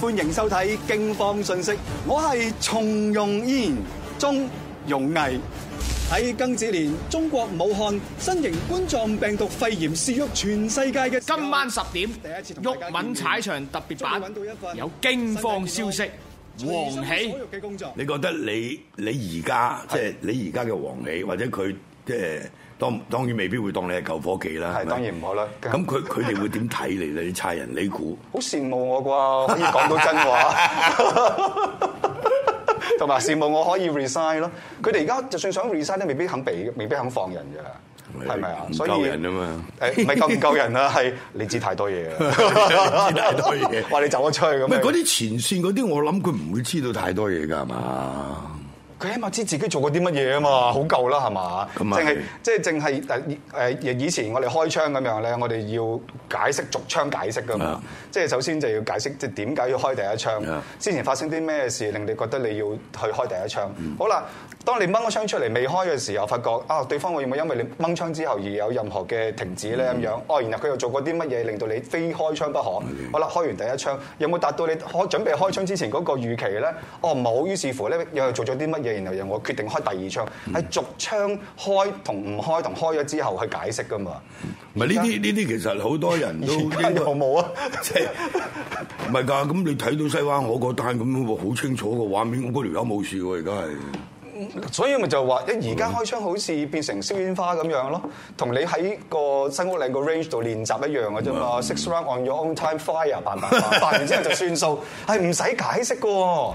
歡迎收睇驚方訊息，我係從容依然，鍾容毅，喺庚子年中國武漢新型冠狀病毒肺炎肆虐全世界嘅今晚十點，第一次同大家見面。玉敏踩場特別版有驚方消息，黃喜，你覺得你你而家即係你而家嘅黃喜，的或者佢即係？就是當當然未必會當你係舊夥計啦。係當然唔好啦。咁佢佢哋會點睇你咧？啲差人，你估？好羨慕我啩，可以講到真嘅話，同埋羨慕我可以 resign 咯。佢哋而家就算想 resign 都未必肯俾，未必肯放人㗎，係咪啊？所以夠人啫嘛。誒，唔係夠唔夠人啊？係你知太多嘢啊！話你走咗出去咁。咪嗰啲前線嗰啲，我諗佢唔會知道太多嘢㗎嘛。佢起碼知自己做過啲乜嘢啊嘛，好夠啦係嘛？淨係就即係淨係誒誒，以前我哋開槍咁樣咧，我哋要解釋逐槍解釋噶嘛。是的 即係首先就要解釋，即係點解要開第一槍？是的 之前發生啲咩事令你覺得你要去開第一槍？嗯、好啦。當你掹個槍出嚟未開嘅時候，我發覺啊，對方會唔會因為你掹槍之後而有任何嘅停止咧咁樣？嗯、哦，然後佢又做過啲乜嘢令到你非開槍不可？好啦、嗯，開完第一槍，有冇達到你開準備開槍之前嗰個預期咧？哦，冇，於是乎咧又做咗啲乜嘢，然後又我決定開第二槍，係、嗯、逐槍開同唔開同開咗之後去解釋噶嘛？唔係呢啲呢啲其實好多人都冇啊，即係唔係㗎？咁 你睇到西灣河嗰單咁樣好清楚個畫面，我嗰條友冇事喎，而家係。所以咪就話，一而家開槍好似變成燒煙花咁樣咯，同你喺個新屋嶺個 range 度練習一樣嘅啫嘛。 Six round on your own time, fire，扮扮扮，扮完之後就算數，係唔使解釋嘅。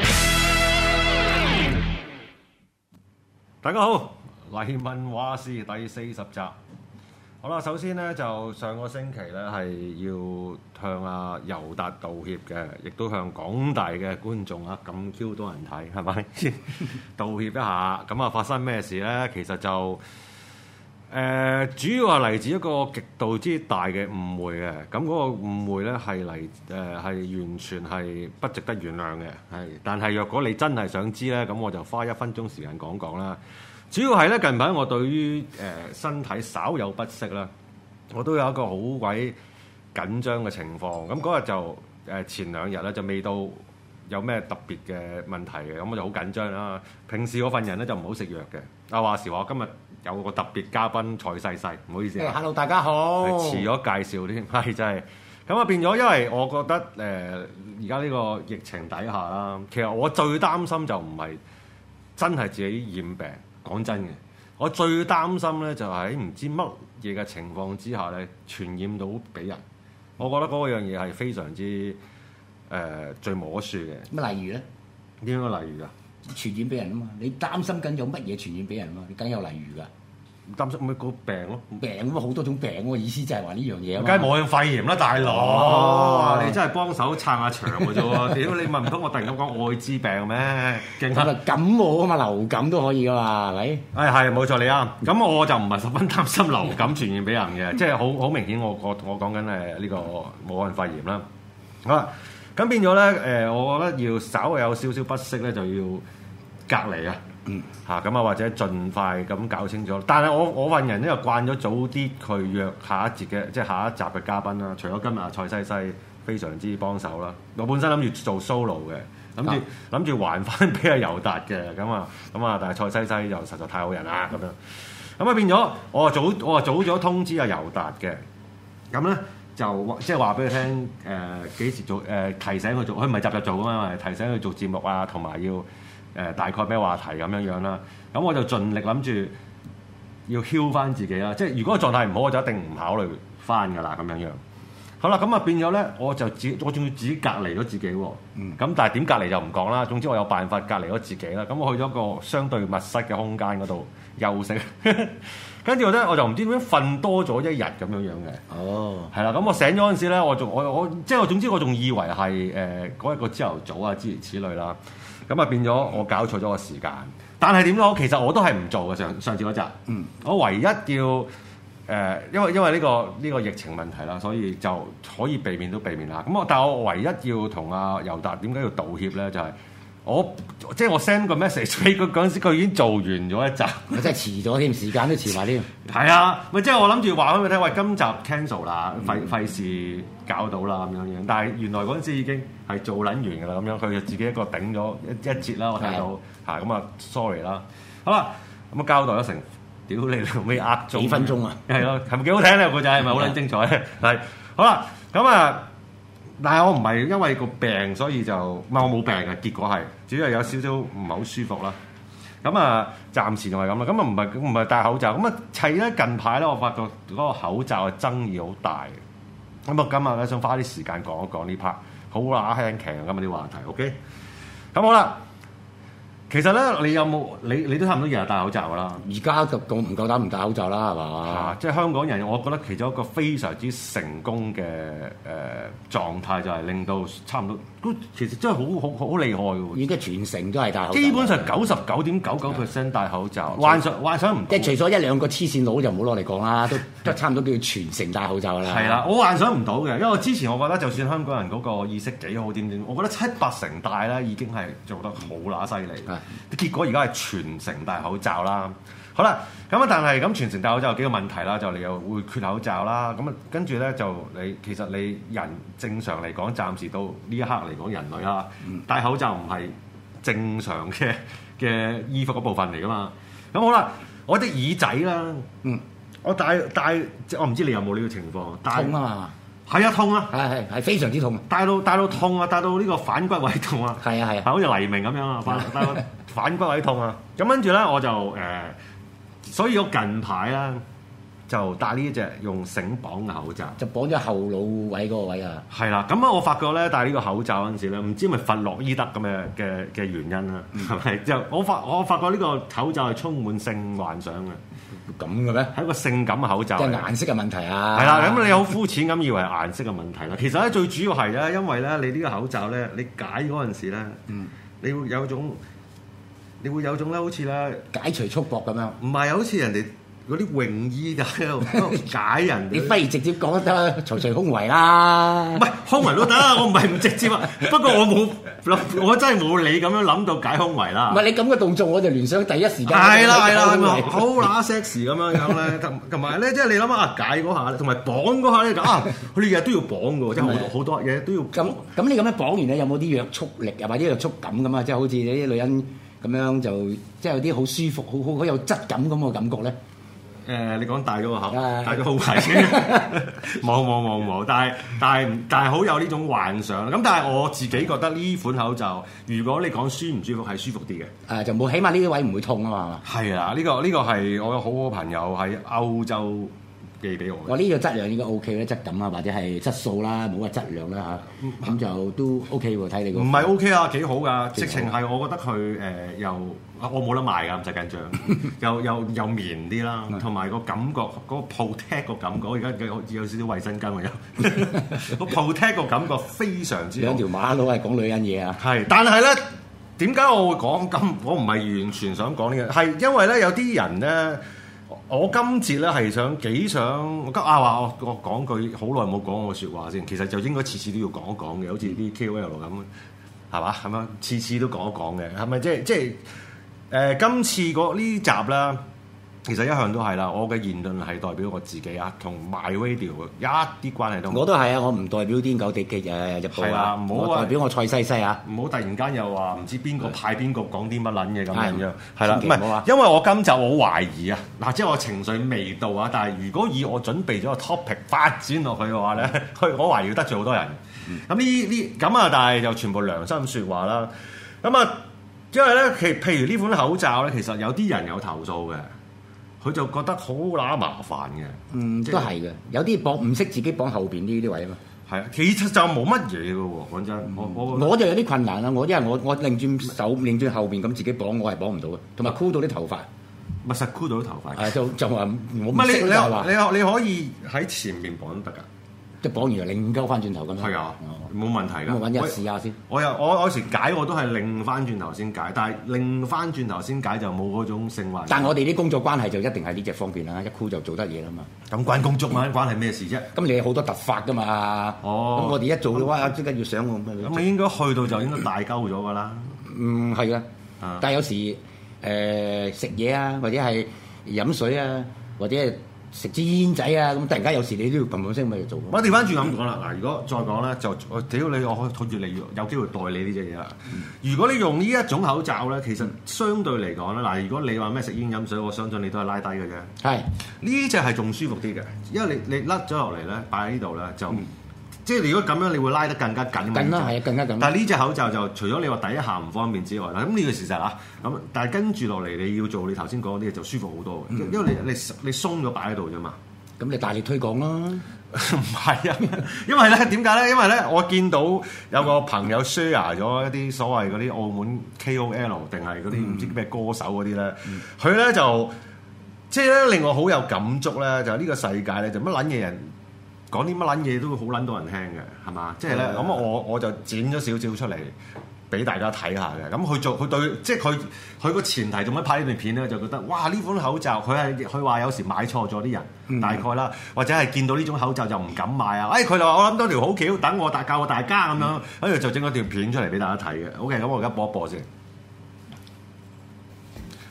大家好，黎民話事第四十集。好啦，首先咧就上個星期咧係要向阿、啊、尤達道歉嘅，亦都向廣大嘅觀眾啊，咁 Q 多人睇係咪？ 道歉一下，咁啊發生咩事咧？其實就誒、呃，主要係嚟自一個極度之大嘅誤會嘅。咁嗰個誤會咧係嚟誒，係、呃、完全係不值得原諒嘅。係，但係若果你真係想知咧，咁我就花一分鐘時間講講啦。主要係咧，近排我對於誒身體稍有不適啦，我都有一個好鬼緊張嘅情況。咁嗰日就誒前兩日咧就未到有咩特別嘅問題嘅，咁我就好緊張啦。平時我份人咧就唔好食藥嘅。啊話時話我今日有個特別嘉賓蔡西西，唔好意思、啊、hey, Hello，大家好。遲咗介紹添，係真係咁啊。變咗，因為我覺得誒而家呢個疫情底下啦，其實我最擔心就唔係真係自己染病。講真嘅，我最擔心咧就喺唔知乜嘢嘅情況之下咧傳染到俾人，我覺得嗰樣嘢係非常之誒、呃、最魔術嘅。乜例如咧？點樣例如啊？傳染俾人啊嘛！你擔心緊有乜嘢傳染俾人啊嘛？你梗有例如㗎。唔擔心咪、個病咯、啊，病咁啊好多種病喎、啊，意思就係話呢樣嘢。梗係武漢肺炎啦，大佬，哦、你真係幫手撐下牆嘅啫喎！屌 你問唔通我突然間講愛滋病咩？驚嚇，感冒啊嘛，流感都可以噶嘛，係咪？誒係冇錯，你啱、啊。咁我就唔係十分擔心流感傳染俾人嘅， 即係好好明顯我。我我我講緊誒呢個武漢肺炎啦。好啦，咁變咗咧誒，我覺得要稍微有少少不適咧，就要隔離啊。嗯嚇咁啊，或者盡快咁搞清楚。但係我我份人咧，又慣咗早啲去約下一節嘅，即係下一集嘅嘉賓啦。除咗今日啊，蔡西西非常之幫手啦。我本身諗住做 solo 嘅，諗住諗住還翻俾阿尤達嘅。咁啊咁啊，但係蔡西西又實在太好人啦咁、嗯、樣。咁啊變咗，我早我早咗通知阿尤達嘅。咁咧就即係話俾佢聽誒幾時做誒、呃、提醒佢做，佢唔係集集做㗎嘛，提醒佢做節目啊，同埋要。誒、呃、大概咩話題咁樣樣啦，咁我就盡力諗住要 h e 翻自己啦。即係如果狀態唔好，我就一定唔考慮翻㗎啦。咁樣樣，好啦，咁啊變咗咧，我就自己我仲要自己隔離咗自己喎。咁、嗯、但係點隔離就唔講啦。總之我有辦法隔離咗自己啦。咁我去咗個相對密室嘅空間嗰度休息。 跟住我咧、oh.，我就唔知點樣瞓多咗一日咁樣樣嘅。哦，係啦，咁我醒咗嗰陣時咧，我仲我我即係我總之我仲以為係誒嗰一個朝頭早啊諸如此類啦、啊。咁啊變咗我搞錯咗個時間。但係點解我其實我都係唔做嘅上上次嗰集。嗯，mm. 我唯一要誒、呃，因為因為呢、這個呢、這個疫情問題啦，所以就可以避免都避免啦。咁我但係我唯一要同阿、啊、尤達點解要道歉咧，就係、是。我即係我 send 個 message 俾佢嗰陣時，佢已經做完咗一集。佢 真係遲咗添，時間都遲埋添。係 啊，咪即係我諗住話俾佢聽，喂，今集 cancel 啦，費費事搞到啦咁樣樣。但係原來嗰陣時已經係做撚完㗎啦，咁樣佢就自己一個頂咗一一節啦。我聽到嚇，咁啊、 嗯、，sorry 啦。好啦，咁啊交代咗成屌你老味呃咗幾分鐘啊？係咯，係咪幾好聽咧？個仔係咪好撚精彩？係 好啦吧，咁啊 好吧。 但係我唔係因為個病所以就，唔係我冇病嘅，結果係主要係有少少唔係好舒服啦。咁啊，暫時就係咁啦。咁啊唔係唔係戴口罩。咁啊，砌。咧近排咧，我發覺嗰個口罩嘅爭議好大嘅。咁啊，今日咧想花啲時間講一講呢 part 好啦輕強嘅啲話題。OK，咁好啦。其實咧，你有冇你你都差唔多日日戴口罩噶啦？而家就唔夠膽唔戴口罩啦，係嘛？即係香港人，我覺得其中一個非常之成功嘅誒、呃、狀態，就係令到差唔多都其實真係好好好厲害嘅。而家全城都係戴口罩，口基本上九十九點九九 percent 戴口罩。的幻想幻想唔到，即係除咗一兩個黐線佬就唔好攞嚟講啦，都都差唔多叫全城戴口罩啦。係啦，我幻想唔到嘅，因為我之前我覺得就算香港人嗰個意識幾好點點，我覺得七八成戴咧已經係做得好乸犀利，啲結果而家係全城戴口罩啦。好啦，咁啊，但係咁全城戴口罩有幾個問題啦，就你又會缺口罩啦。咁啊，跟住咧就你其實你人正常嚟講，暫時到呢一刻嚟講，人類啊戴口罩唔係正常嘅嘅衣服嗰部分嚟噶嘛。咁好啦，我啲耳仔啦，嗯，我戴戴，戴，我唔知你有冇呢個情況戴。痛啊嘛。係啊痛啊，係係係非常之痛啊！戴到戴到痛啊，戴到呢個反骨位痛啊！係啊係啊，好似、啊、黎明咁樣啊，戴到反骨位痛啊！咁跟住咧，我就誒、呃，所以我近排啦，就戴呢隻用繩綁嘅口罩，就綁咗後腦位嗰個位啊。係啦，咁啊， 我發覺咧戴呢個口罩嗰陣時咧，唔知係咪佛洛伊德咁嘅嘅嘅原因啦，係就我發我發覺呢個口罩係充滿性幻想嘅。咁嘅咩？係一個性感嘅口罩，即係顏色嘅問題啊！係啦，咁你好膚淺咁以為係顏色嘅問題啦。 其實咧，最主要係咧，因為咧，你呢個口罩咧，你解嗰陣時咧，嗯，你會有種，你會有種咧，好似咧解除束縛咁樣。唔係，好似人哋。嗰啲泳衣就喺度解人哋，你不如直接講得除除胸圍啦。唔係胸圍都得，啊、 我唔係唔直接嘛。不過我冇，我真係冇你咁樣諗到解胸圍啦。唔係你咁嘅動作，我就聯想第一時間係啦係啦，啦好乸 sexy 咁樣樣咧。同埋咧，即係你諗下解嗰下同埋綁嗰下咧就啊，佢哋日都要綁嘅喎， 即係好多好多嘢都要。 咁咁你咁樣綁完咧，有冇啲約束力啊或者約束感咁啊？即係好似你啲女人咁樣就即係有啲好舒服、好好好有質感咁嘅感覺咧？誒、呃，你講大咗個口，大咗好大先，冇冇冇冇，但係但係但係好有呢種幻想。咁但係我自己覺得呢款口罩，如果你講舒唔舒服，係舒服啲嘅。誒、啊，就冇，起碼呢啲位唔會痛啊嘛。係啊，呢、這個呢、這個係我有好多朋友喺歐洲。寄畀我，我呢、呢個質量應該 O K 咧，質感啊或者係質素啦，冇話質量啦吓，咁就都 O K 喎。睇你個唔係 O K 啊，幾好噶。好直情係我覺得佢誒、呃、又我冇得賣㗎，唔使緊張。又又又棉啲啦，同埋個感覺嗰個鋪貼個感覺，我而家有少少衞生巾喎，有個鋪貼個感覺非常之兩條馬騮係講女人嘢啊！係，但係咧點解我會講咁？我唔係完全想講呢樣，係因為咧有啲人咧。我今次咧係想幾想，想啊啊，我今啊話我我講句好耐冇講個説話先，其實就應該次次都要講一講嘅。好似啲 KOL 咁，係嘛，係嘛，次次都講一講嘅，係咪即係即係誒今次嗰呢集啦？其實一向都係啦，我嘅言論係代表我自己啊，同 MyRadio 一啲關係都冇。我都係啊，我唔代表癲狗敵敵嘅日報啊！唔好代表我蔡西西啊！唔好突然間又話唔知邊個派邊個講啲乜撚嘢咁樣樣，係啦，唔係因為我今集我好懷疑啊！嗱，即係我情緒未到啊，但係如果以我準備咗個 topic 發展落去嘅話咧，佢我懷疑得罪好多人。咁呢呢咁啊，但係又全部良心説話啦。咁啊，因為咧，其譬如呢款口罩咧，其實有啲人有投訴嘅。佢就覺得好乸麻煩嘅，嗯就係、都係嘅。有啲綁唔識自己綁後邊呢啲位啊嘛，係啊，其實就冇乜嘢嘅喎。講真，嗯、我，我，我就有啲困難啦。我因為我我擰轉，轉手擰轉，轉後邊咁自己綁，我係綁唔到嘅，同埋箍到啲頭髮，咪實箍到啲頭髮。嗯、就就我話我唔識你你你可以喺前面綁都得㗎。一綁完又擰唔鳩翻轉頭咁樣，係啊，冇問題㗎。我揾日試下先。我又我有時解我都係擰翻轉頭先解，但係擰翻轉頭先解就冇嗰種性懷。但係我哋啲工作關係就一定係呢隻方便啦，一箍就做得嘢啦嘛。咁關工作咩關係咩事啫？咁你好多突發㗎嘛。哦。咁我哋一做嘅話，即刻要上喎。你應該去到就應該大鳩咗㗎啦。嗯，係啊。但係有時誒食嘢啊，或者係飲水啊，或者。食支煙仔啊！咁突然間有時你都要砰砰聲咪做。我調翻轉咁講啦，嗱，如果再講咧，就屌你，我可以討住你要有機會代你呢隻嘢啦。嗯、如果你用呢一種口罩咧，其實相對嚟講咧，嗱，如果你話咩食煙飲水，我相信你都係拉低嘅啫。係呢隻係仲舒服啲嘅，因為你你甩咗落嚟咧，擺喺呢度咧就。嗯即係如果咁樣，你會拉得更加緊嘛？緊啦，係更加緊。但係呢隻口罩就除咗你話第一下唔方便之外啦，咁呢個事實嚇咁，但係跟住落嚟你要做你頭先講啲嘢就舒服好多嘅，嗯、因為你你你鬆咗擺喺度啫嘛。咁、嗯、你大力推廣啦？唔係 啊，因為咧點解咧？因為咧我見到有個朋友 share 咗一啲所謂嗰啲澳門 K O L 定係嗰啲唔知咩歌手嗰啲咧，佢咧、嗯嗯、就即係咧令我好有感觸咧，就呢個世界咧就乜撚嘢人。講啲乜撚嘢都會好撚到人聽嘅，係嘛吧？即係咧，咁、嗯、我我就剪咗少少出嚟俾大家睇下嘅。咁佢做佢對，即係佢佢個前提做乜拍段呢段片咧？就覺得哇！呢款口罩佢係佢話有時買錯咗啲人，嗯、大概啦，或者係見到呢種口罩就唔敢買啊！誒、哎，佢就話我諗多條好橋，等我大教過大家咁樣，跟住、嗯、就整咗條片出嚟俾大家睇嘅。OK，咁我而家播一播先。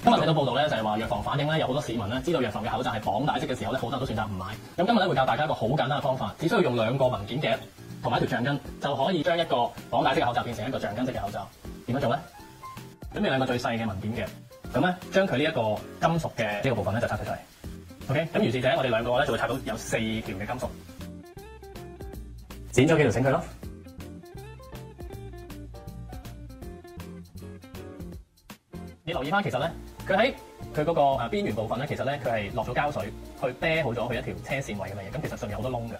今日睇到報道咧，就係話藥房反映咧，有好多市民咧知道藥房嘅口罩係綁帶式嘅時候咧，好多都選擇唔買。咁今日咧會教大家一個好簡單嘅方法，只需要用兩個文件夾同埋一條橡筋，就可以將一個綁帶式嘅口罩變成一個橡筋式嘅口罩。點樣做咧？準備兩個最細嘅文件夾，咁咧將佢呢一個金屬嘅呢個部分咧就拆出嚟。OK，咁於是就我哋兩個咧就會拆到有四條嘅金屬，剪咗幾條繩佢咯。你留意翻，其實咧。佢喺佢嗰個誒邊緣部分咧，其實咧佢係落咗膠水去啤好咗佢一條車線位咁嘅嘢，咁其實上面好多窿嘅。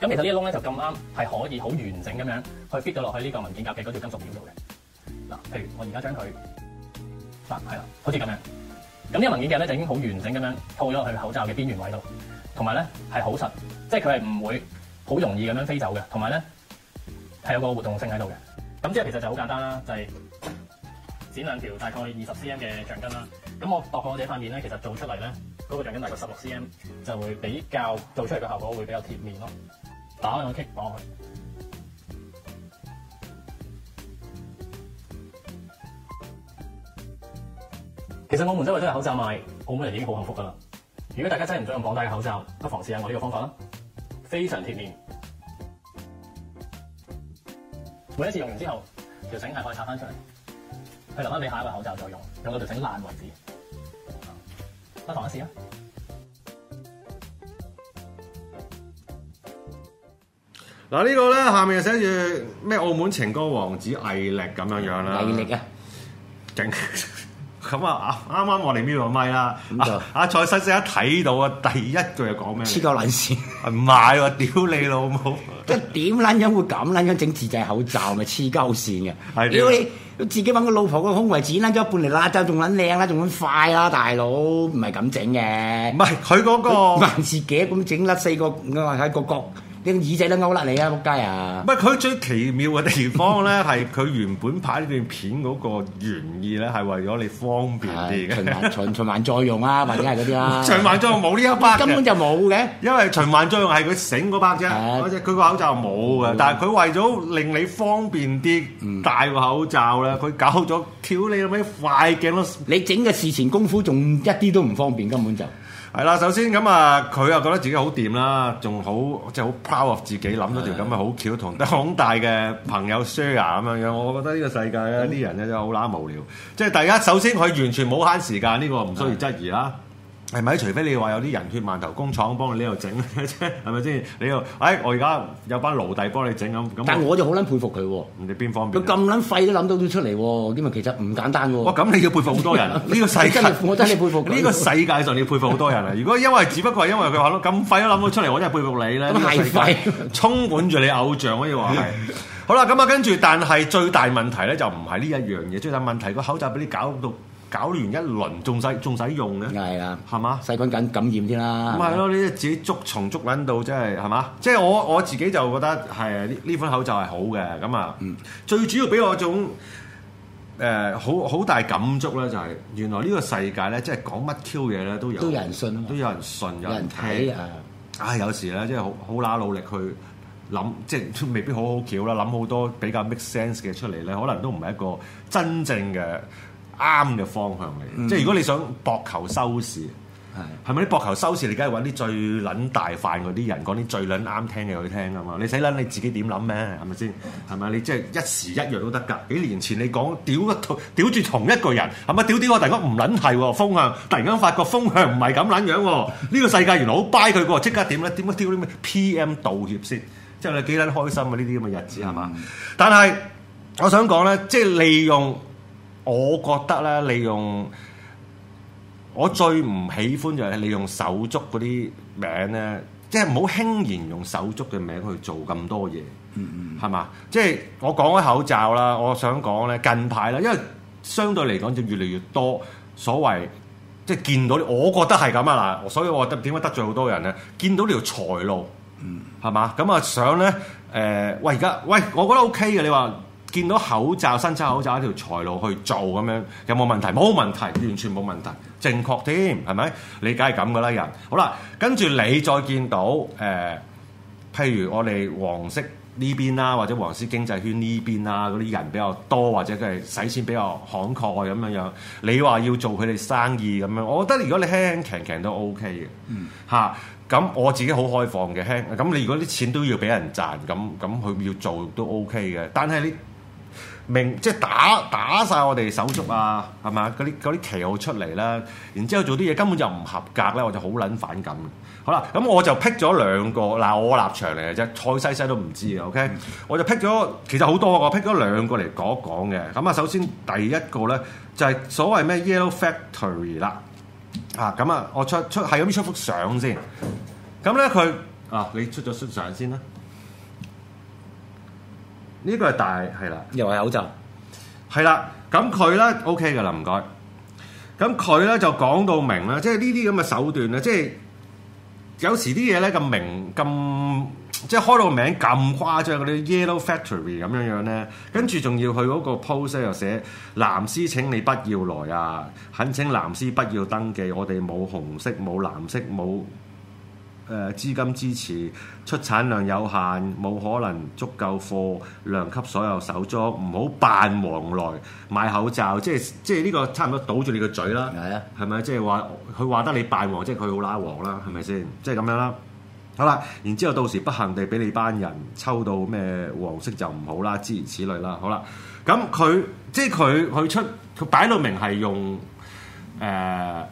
咁其實呢啲窿咧就咁啱係可以好完整咁樣去 fit 到落去呢個文件夾嘅嗰條金屬條度嘅。嗱，譬如我而家將佢嗱，係啦，好似咁樣。咁呢個文件夾咧就已經好完整咁樣套咗去口罩嘅邊緣位度，同埋咧係好實，即係佢係唔會好容易咁樣飛走嘅。同埋咧係有，呢有個活動性喺度嘅。咁即係其實就好簡單啦，就係、是。剪兩條大概二十 cm 嘅橡筋啦，咁我度過我哋塊面咧，其實做出嚟咧，嗰個橡筋大概十六 cm，就會比較做出嚟嘅效果會比較貼面咯。打開我棘綁佢。其實澳門周圍都係口罩賣，澳門人已經好幸福噶啦。如果大家真係唔想用綁帶嘅口罩，不妨試下我呢個方法啦，非常貼面。每一次用完之後，條繩係可以拆翻出嚟。留翻俾下一個口罩再用，用到條繩爛，爛為止。不妨一試啦。嗱，呢個咧，下面寫住咩？澳門情歌王子魏力咁樣樣啦。魏力啊，勁厲害！ 咁啊！啱啱我哋瞄個咪啦，阿阿蔡西西一睇到啊，第一句又講咩？黐膠撚線，唔係喎！屌你老母，即係點撚樣會咁撚樣整自製口罩咪黐膠線嘅？屌你的、哎！自己揾個老婆個胸圍剪甩咗一半嚟拉罩，仲撚靚啦，仲撚快啦，啊，大佬唔係咁整嘅。唔係佢嗰個唔係自己咁整甩四個喺、呃、個角。啲耳仔都勾甩你啊，仆街啊！唔係佢最奇妙嘅地方咧，係佢 原本拍呢段片嗰個原意咧，係為咗你方便啲嘅 循環循循環再用啊，或者係嗰啲啦。循環作用冇呢一班，根本就冇嘅，因為循環作用係佢醒嗰班啫。佢、啊、個口罩冇嘅，嗯、但係佢為咗令你方便啲、嗯、戴個口罩咧，佢搞咗調你有咩快鏡咯？你整嘅事前功夫仲一啲都唔方便，根本就。係啦，首先咁啊，佢又覺得自己好掂啦，仲好即係好 power 自己，諗、嗯、到條咁嘅好橋同好大嘅朋友 share 咁樣樣，我覺得呢個世界咧，啲、嗯、人咧真係好撚無聊，即係大家首先佢完全冇慳時間，呢、呢個唔需要質疑啦。嗯啊係咪？除非你話有啲人血饅頭工廠幫你呢度整，係咪先？你又誒，我而家有班奴隸幫你整咁。但係我就好撚佩服佢喎，你邊方面？佢咁撚廢都諗到出嚟喎，因為其實唔簡單喎。哇！咁你要佩服好多人，呢個世界我真係佩服。呢個世界上你要佩服好多人啊！如果因為只不過係因為佢話咁廢都諗到出嚟，我真係佩服你咧。咁係廢，充滿住你偶像可以話係。好啦，咁啊，跟住但係最大問題咧就唔係呢一樣嘢，最大問題個口罩俾你搞到。搞完一輪，仲使仲使用咧？係啊的，係嘛吧？細菌感感染先啦。咁咪咯，吧你自己捉蟲捉撚到，即係係嘛？即係我我自己就覺得係呢款口罩係好嘅。咁啊，嗯、最主要俾我種誒、呃、好好大感觸咧，就係、是、原來呢個世界咧，即係講乜 Q 嘢咧，都有都有人信，都有人信，有人睇。啊！啊、呃呃，有時咧，即係好好乸努力去諗，即係未必好好巧啦，諗好多比較 make sense 嘅出嚟咧，可能都唔係一個真正嘅。啱嘅方向嚟，即係如果你想博求收視，係係咪啲博求收視，你梗係揾啲最撚大範嗰啲人講啲最撚啱聽嘅去聽啊嘛？你使撚你自己點諗咩？係咪先？係咪？你即係一時一樣都得㗎。幾年前你講屌一屌住同一個人，係咪？屌屌我突然間唔撚係喎風向，突然間發覺風向唔係咁撚樣喎。呢、呢個世界原來好掰佢喎，即刻呢點咧？點解屌啲咩 PM 道歉先？即係你幾撚開心啊？呢啲咁嘅日子係嘛？是是但係我想講咧，即係利用。我覺得咧，利用我最唔喜歡就係利用手足嗰啲名咧，即係唔好輕言用手足嘅名去做咁多嘢，嗯嗯，係嘛？即係我講開口罩啦，我想講咧，近排啦，因為相對嚟講就越嚟越多所謂即係、就是、見到你，我覺得係咁啊嗱，所以我覺得點解得罪好多人咧？見到你條財路，嗯，係嘛？咁啊，想咧誒，喂而家喂，我覺得 OK 嘅，你話？見到口罩、生產口罩一條財路去做咁樣，有冇問題？冇問題，完全冇問題，正確添，係咪？你梗係咁噶啦，人。好啦，跟住你再見到誒，譬、呃、如我哋黃色呢邊啦，或者黃色經濟圈呢邊啦，嗰啲人比較多，或者佢係使錢比較慷慨咁樣樣，你話要做佢哋生意咁樣，我覺得如果你輕輕騎騎都 OK 嘅，嗯，咁、啊、我自己好開放嘅輕，咁你如果啲錢都要俾人賺，咁咁佢要做都 OK 嘅，但係你。明即係打打曬我哋手足啊，係嘛？嗰啲嗰啲旗號出嚟啦，然之後做啲嘢根本就唔合格咧，我就好撚反感。好啦，咁我就剔咗兩個，嗱我立場嚟嘅啫，蔡西西都唔知嘅，OK？、嗯、我就剔咗，其實好多我剔咗，剔咗兩個嚟講一講嘅。咁啊，首先第一個咧就係、是、所謂咩 Yellow Factory 啦，啊咁啊，我出出係咁出幅相先，咁咧佢啊，你出咗出相先啦。呢個係大係啦，又係口罩係啦，咁佢咧 OK 嘅啦，唔該。咁佢咧就講到明啦，即係呢啲咁嘅手段咧，即係有時啲嘢咧咁明咁，即係開到個名咁誇張嗰啲 Yellow Factory 咁樣樣咧，跟住仲要去嗰個 post 又寫藍絲請你不要來啊，懇請藍絲不要登記，我哋冇紅色冇藍色冇。誒資金支持出產量有限，冇可能足夠貨量給所有手裝，唔好扮黃來賣口罩，即係即係呢個差唔多堵住你個嘴啦。係啊，係 咪樂即係話佢話得你扮黃，即係佢好乸黃啦，係咪先？即係咁樣啦。好啦，然之後到時不幸地俾你班人抽到咩黃色就唔好啦，諸如此類啦。好啦，咁佢即係佢佢出佢擺到明係用誒。呃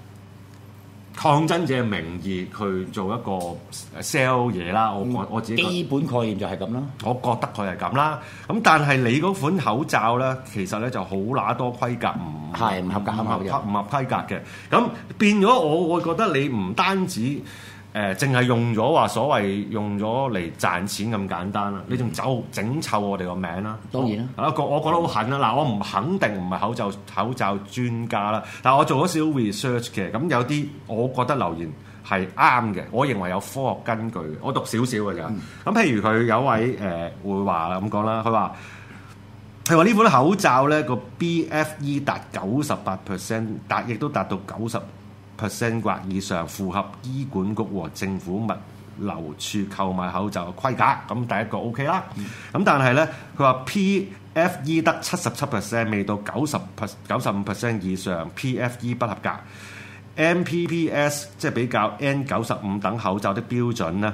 抗爭者嘅名義去做一個 sell 嘢啦，我我自己覺得基本概念就係咁啦。我覺得佢係咁啦，咁但係你嗰款口罩咧，其實咧就好乸多規格，唔係唔合格，唔合唔合規格嘅。咁、嗯、變咗我，我覺得你唔單止。誒，淨係用咗話所謂用咗嚟賺錢咁簡單啦，你仲走整臭我哋個名啦？當然啦，我我覺得好狠啦！嗱，我唔肯定唔係口罩口罩專家啦，但係我做咗少少 research 嘅，咁有啲我覺得留言係啱嘅，我認為有科學根據嘅，我讀少少嘅咋。咁、嗯、譬如佢有位誒會話咁講啦，佢話佢話呢款口罩咧個 BFE 達九十八 percent，達亦都達到九十 percent 或以上符合醫管局和政府物流處購買口罩嘅規格，咁第一個 OK 啦。咁但係咧，佢話 PFE 得七十七 percent 未到九十九十五 percent 以上，PFE 不合格。MPPS 即係比較 N 九十五等口罩的標準咧。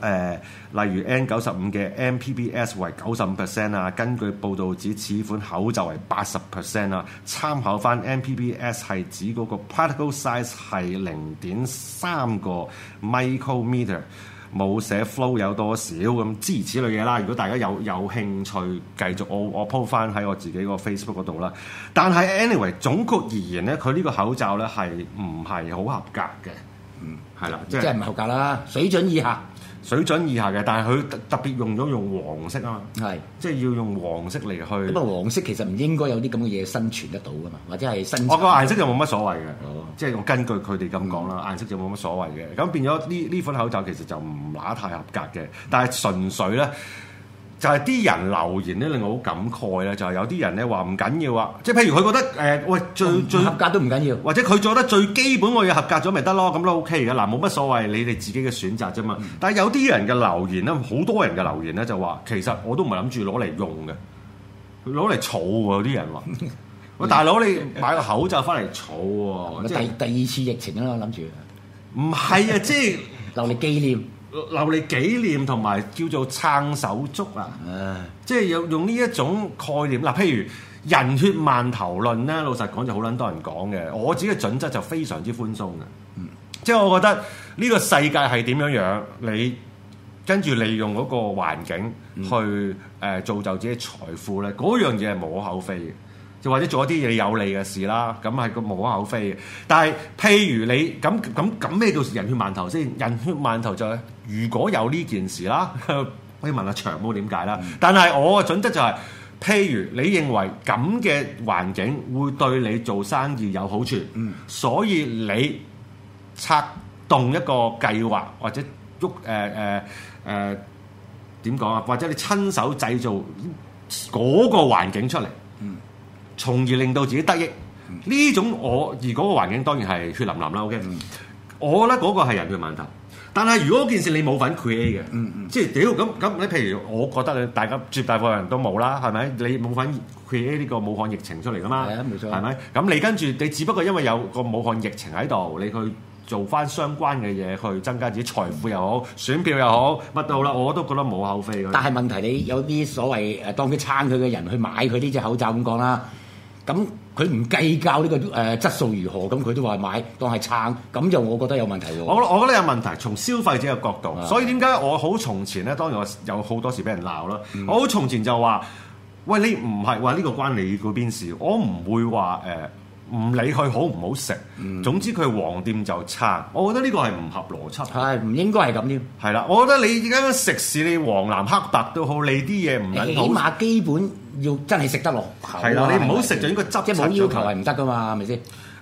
誒、呃，例如 N 九十五嘅 MPBS 為九十五 percent 啊，根據報導指此款口罩為八十 percent 啊，參考翻 MPBS 係指嗰個 particle size 係零點三個 micrometer，冇寫 flow 有多少咁諸如此類嘢啦。如果大家有有興趣繼續我，我我 po 翻喺我自己個 Facebook 嗰度啦。但係 anyway 總括而言咧，佢呢個口罩咧係唔係好合格嘅？嗯，係啦，即係即係唔合格啦，水準以下。水準以下嘅，但係佢特特別用咗用黃色啊嘛，係是即係要用黃色嚟去。咁啊，黃色其實唔應該有啲咁嘅嘢生存得到㗎嘛，或者係生。我個顏色就冇乜所謂嘅，哦、即係我根據佢哋咁講啦，嗯、顏色就冇乜所謂嘅。咁變咗呢呢款口罩其實就唔拿太合格嘅，嗯、但係純粹咧。就係啲人留言咧令我好感慨咧，就係、是、有啲人咧話唔緊要啊，即係譬如佢覺得誒喂、欸、最最合格都唔緊要，或者佢做得最基本我嘅合格咗咪得咯，咁都 OK 嘅嗱，冇乜所謂，你哋自己嘅選擇啫嘛。但係有啲人嘅留言咧，好多人嘅留言咧就話其實我都唔係諗住攞嚟用嘅，攞嚟儲喎。有啲人話，我大佬你買個口罩翻嚟儲喎，是是第，第二次疫情啦，我諗住是。唔係啊，即係留嚟紀念。留你紀念同埋叫做撐手足啊！即係用用呢一種概念嗱，譬如人血饅頭論咧，老實講就好撚多人講嘅。我自己嘅準則就非常之寬鬆嘅，嗯、即係我覺得呢個世界係點樣樣，你跟住利用嗰個環境去誒造就自己財富咧，嗰、嗯、樣嘢係無可厚非嘅。就或者做一啲嘢有利嘅事啦，咁係個無可厚非嘅。但係譬如你咁咁咁咩叫人血饅頭先？人血饅頭就係、是、如果有呢件事啦，可以問下長毛點解啦？嗯、但係我嘅準則就係、是、譬如你認為咁嘅環境會對你做生意有好處，嗯，所以你策動一個計劃或者喐誒誒誒點講啊？或者你親手製造嗰個環境出嚟。從而令到自己得益、嗯，呢種我而嗰個環境當然係血淋淋啦。O、okay? K，、嗯、我覺得嗰個係人嘅問題。但係如果件事你冇份 create 嘅，嗯嗯、即係屌咁咁咧。嗯、你譬如我覺得你大家絕大部分人都冇啦，係咪？你冇份 create 呢個武漢疫情出嚟噶嘛？係啊，冇錯，係咪？咁你跟住你只不過因為有個武漢疫情喺度，你去做翻相關嘅嘢去增加自己財富又好，選票又好，乜、嗯、都好啦。我都覺得冇可厚非。但係問題你有啲所謂誒當佢撐佢嘅人去買佢呢隻口罩咁講啦。咁佢唔計較呢、這個誒、呃、質素如何，咁佢都話買當係撐，咁就我覺得有問題喎。我我覺得有問題，從消費者嘅角度的，所以點解我好從前咧？當然我有好多時俾人鬧啦。嗯、我好從前就話：喂，你唔係話呢個關你嗰邊事，我唔會話誒。呃唔理佢好唔好食，嗯、總之佢黃店就差。我覺得呢個係唔合邏輯，係唔應該係咁添。係啦，我覺得你而家食肆，你黃藍黑白都好，你啲嘢唔撚好。起碼基本要真係食得落，係啦的、啊。你唔好食就應該執啫，冇、就是、要求係唔得㗎嘛，係咪先？誒、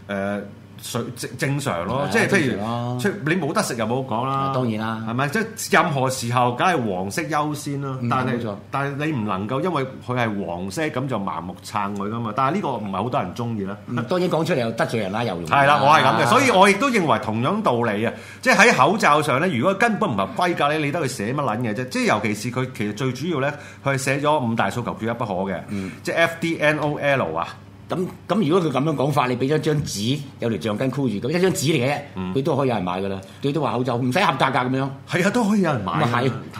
呃。水正，正常咯，常咯即係譬如出你冇得食又冇講啦，當然啦，係咪？即係任何時候，梗係黃色優先啦。但係但係你唔能夠因為佢係黃色咁就盲目撐佢噶嘛。但係呢個唔係好多人中意啦。嗯、但當然講出嚟又得罪人啦，又係啦，我係咁嘅。啊、所以我亦都認為同樣道理啊，即係喺口罩上咧，如果根本唔係規格咧，你理得佢寫乜撚嘅啫？即係尤其是佢其實最主要咧，佢寫咗五大訴求缺一不可嘅，嗯、即係 F D N O L 啊。L L 咁咁，如果佢咁樣講法，你俾咗張紙，有條橡筋箍住，咁一張紙嚟嘅，佢、嗯、都可以有人買噶啦。佢都話口罩唔使合價格咁樣，係啊，都可以有人買。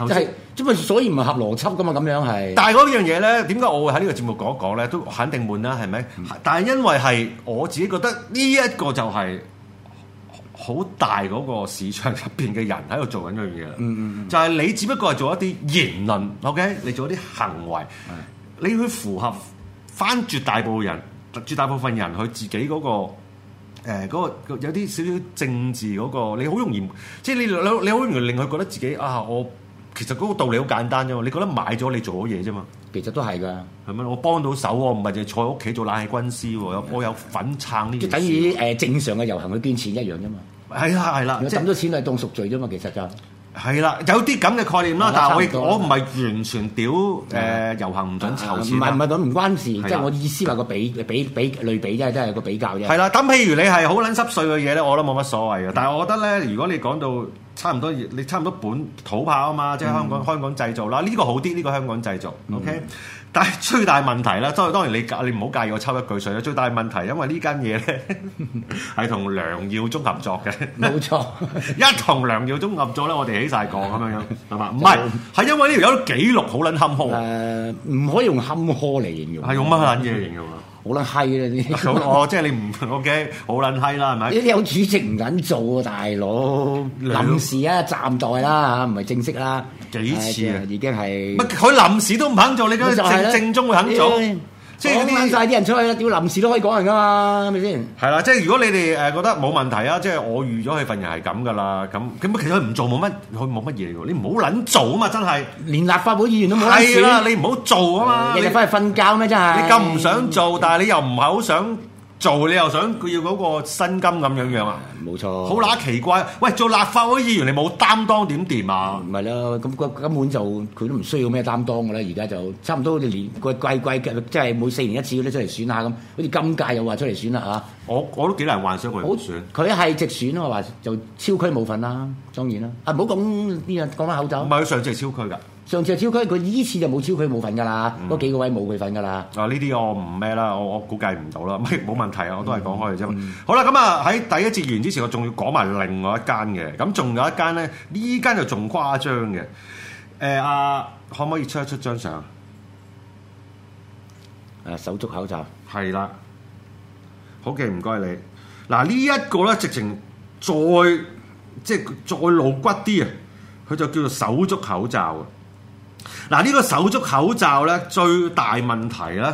係，即係所以唔係合邏輯噶嘛，咁樣係。但係嗰樣嘢咧，點解我會喺呢個節目講一講咧？都肯定悶啦，係咪？嗯、但係因為係我自己覺得呢一個就係好大嗰個市場入邊嘅人喺度做緊一樣嘢啦。嗯嗯嗯。就係你只不過係做一啲言論，OK？你做一啲行為，你要去符合翻絕大部分人。絕大部分人佢自己嗰個誒嗰個有啲少少政治嗰個，你好容易，即係你你好容易令佢覺得自己啊，我其實嗰個道理好簡單啫嘛，你覺得買咗你做咗嘢啫嘛，其實都係㗎，係咪？我幫到手喎，唔係就坐喺屋企做冷氣軍師喎，我有，的我有粉撐呢啲，係等於誒正常嘅遊行去捐錢一樣啫嘛，係啦係啦，咁多錢係當贖罪啫嘛，其實就是。係 啦，有啲咁嘅概念啦，但係我我唔係完全屌誒、呃、對遊行唔準籌錢，唔係唔係咁唔關事，即係、啊、我意思話個比比比，比比比類比即係即係個比較啫。係啦，咁 譬如你係好撚濕碎嘅嘢咧，我都冇乜所謂嘅。 但係我覺得咧，如果你講到，差唔多，你差唔多本土炮啊嘛，即係香港、嗯、香港製造啦，呢、這個好啲，呢、這個香港製造，OK、嗯。但係最大問題啦，都當然你你唔好介意我抽一句水啦。最大問題，因為呢間嘢咧係同梁耀忠合作嘅，冇 錯沒錯。 一同梁耀忠合作咧，我哋起晒槓咁樣樣，係嘛？ 唔係，係就因為呢條友記錄好撚坎坷、呃。誒，唔可以用坎坷嚟形容，係用乜撚嘢形容啊？ 好撚閪啦！咁哦，即係你唔 OK，好撚閪啦，係咪？你有主席唔肯做啊，大佬？臨流 時啊，暫代啦，唔係正式啦，幾次啊，啊已經係。 乜佢 臨時都唔肯做，你而家正正宗會肯做？欸欸即係講揾曬啲人出去啦，屌臨時都可以講人噶嘛，係咪先？係啦，即係如果你哋誒覺得冇問題啊，即係我預咗佢份人係咁噶啦，咁咁其實佢唔做冇乜，佢冇乜嘢嘅喎，你唔好撚做啊嘛，真係。連立法會議員都冇得選。係啊，你唔好做啊嘛，嗯、你哋翻去瞓覺咩真係？你咁唔想做，但係你又唔係好想。做你又想佢要嗰個薪金咁樣樣啊？冇錯，好撚奇怪！喂，做立法會議員你冇擔當點掂啊？唔係咯，咁、嗯就是、根本就佢都唔需要咩擔當㗎啦。而家就差唔多你，年個季季即係每四年一次咧出嚟選下咁，好似今屆又話出嚟選啦嚇。我我都幾難幻想佢好選，佢係直選啊，話就超區冇份啦，當然啦。啊，唔好講呢樣，講翻口罩。唔係佢上次係超區㗎。上次超區佢依次就冇超區冇份㗎啦，嗰、嗯、幾個位冇佢份㗎啦。啊，呢啲我唔咩啦，我我估計唔到啦，冇問題啊，我都係講開嘅啫。嗯嗯、好啦，咁啊喺第一節完之前，我仲要講埋另外一間嘅，咁仲有一間咧，呢間就仲誇張嘅。誒、呃、啊，可唔可以出一出張相？誒、啊、手足口罩係啦，好嘅，唔該你。嗱、啊、呢一個咧，直情再即係再露骨啲啊，佢就叫做手足口罩啊。嗱，呢個手足口罩咧，最大問題咧，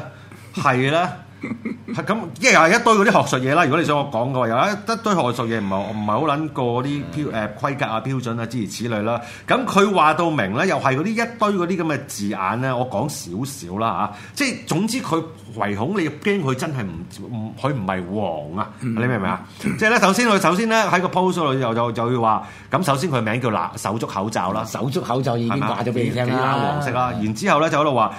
係咧。係咁，即係又係一堆嗰啲學術嘢啦。嗯、如果你想我講嘅話，有一一堆學術嘢，唔係唔係好捻過啲標誒規格啊、標準啊，諸如此類啦。咁佢話到明咧，又係嗰啲一堆嗰啲咁嘅字眼咧。我講少少啦吓，即係總之佢唯恐你驚佢真係唔唔，佢唔係黃啊？你明唔明啊？即係咧，首先佢首先咧喺個 post 度又就又要話咁。首先佢名叫藍手足口罩啦，手足口罩已經話咗俾你聽啦，加黃色啦。然之後咧就喺度話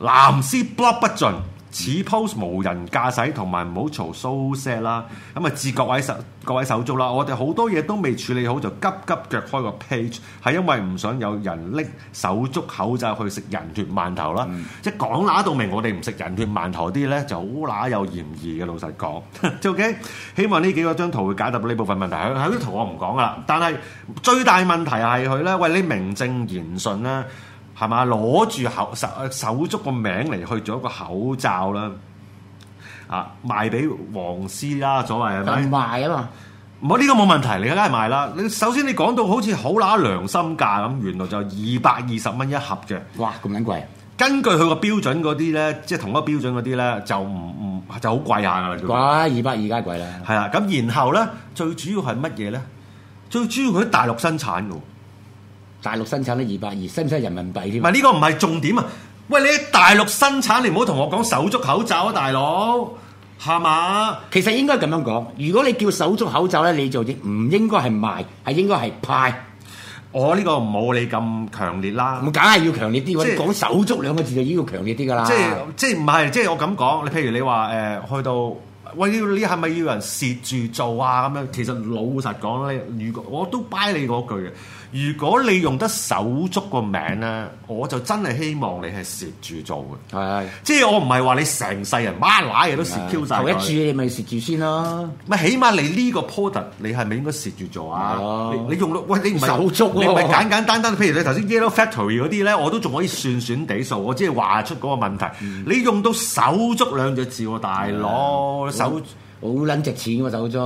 藍絲 block 不進。似 p o s e 無人駕駛同埋唔好嘈 social 啦，咁啊至各位手各位手足啦，我哋好多嘢都未處理好就急急腳開個 page，係因為唔想有人拎手足口罩去食人血饅頭啦。即講乸到明，我哋唔食人血饅頭啲咧就好乸有嫌疑嘅。老實講，OK， 希望呢幾個張圖會解答到呢部分問題。喺喺啲圖我唔講噶啦，但係最大問題係佢咧，喂你名正言順啦、啊。係嘛？攞住手手手足個名嚟去做一個口罩啦，啊賣俾黃絲啦，所謂係咪？賣啊嘛，唔好呢個冇問題，你梗係賣啦。你首先你講到好似好乸良心價咁，原來就二百二十蚊一盒嘅。哇，咁撚貴！根據佢個標準嗰啲咧，即係同一標準嗰啲咧，就唔唔就好貴下噶啦，哇，二百二加貴啦。係啊，咁然後咧，最主要係乜嘢咧？最主要佢喺大陸生產嘅。大陸生產咧二百二，使唔使人民幣添？唔係呢個唔係重點啊！喂，你喺大陸生產，你唔好同我講手足口罩啊，大佬，係嘛？其實應該咁樣講，如果你叫手足口罩咧，你做啲唔應該係賣，係應該係派。我呢個冇你咁強烈啦，咁梗係要強烈啲。即係講手足兩個字就已經要強烈啲㗎啦。即係即係唔係？即係我咁講，你譬如你話誒去到，喂呢你係咪要人蝕住做啊？咁樣其實老實講咧，如果我都掰你嗰句嘅。如果你用得手足個名咧，我就真係希望你係蝕住做嘅。係是的，即係我唔係話你成世人馬乸嘢都蝕，挑晒。頭一注你咪蝕住先啦。咪起碼你呢個 product 你係咪應該蝕住做啊？的你用到喂你唔係手足，啊，你唔係簡簡單單，譬如你頭先 yellow factory 嗰啲咧，我都仲可以算算地數，我即係話出嗰個問題。嗯、你用到手足兩隻字字喎，我大佬的手。好撚值錢嘅手足，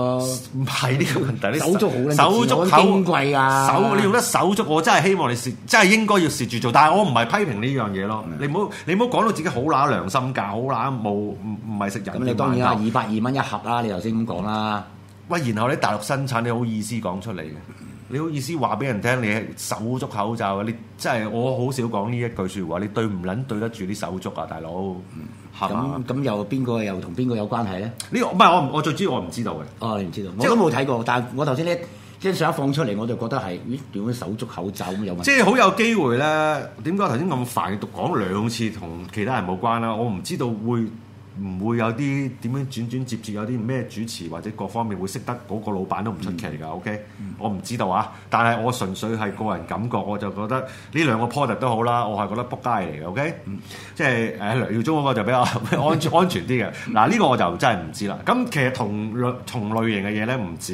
唔係呢個問題。你手，手足好撚手足矜貴啊！手你用得手足，我真係希望你蝕真係應該要蝕住做。但係我唔係批評呢樣嘢咯。你唔好你唔好講到自己好揦良心架，好揦冇唔唔係識人。咁你當然係了二百二蚊一盒啦。你頭先咁講啦。喂，嗯，然後你大陸生產，你好意思講出嚟嘅？你好意思話俾人聽你係手足口罩啊？你真係我好少講呢一句說話。你對唔撚對得住啲手足啊，大佬？嗯咁咁又邊個又同邊個有關係咧？呢個唔係我我最知，我唔知道嘅。哦，你唔知道，我即係我都冇睇過。但我頭先咧，啲相一放出嚟，我就覺得係，咦點解手足口罩咁有問？即係好有機會咧。點解頭先咁煩，讀講兩次同其他人冇關啦？我唔知道會。唔會有啲點樣轉轉接接有啲咩主持或者各方面會識得嗰個老闆都唔出奇㗎，OK？我唔知道啊，但係我純粹係個人感覺，我就覺得呢兩個 product 都好啦，我係覺得仆街嚟嘅，OK？嗯、即係誒梁耀忠嗰個就比較安全 安全啲嘅。嗱、啊、呢、呢個我就真係唔知啦。咁其實同類同類型嘅嘢咧，唔止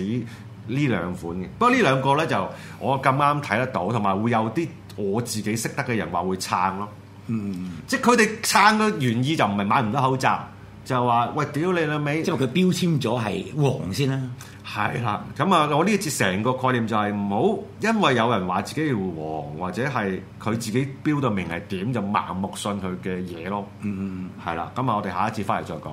呢兩款嘅。不過呢兩個咧就我咁啱睇得到，同埋會有啲我自己識得嘅人話會撐咯。嗯，即係佢哋撐嘅原意就唔係買唔到口罩。就話喂，屌你老味！之後佢標籤咗係黃先啦，係啦。咁啊，我呢次成個概念就係唔好，因為有人話自己要黃，或者係佢自己標到明係點，就盲目信佢嘅嘢咯。嗯嗯嗯，係啦。咁啊，我哋下一節翻嚟再講。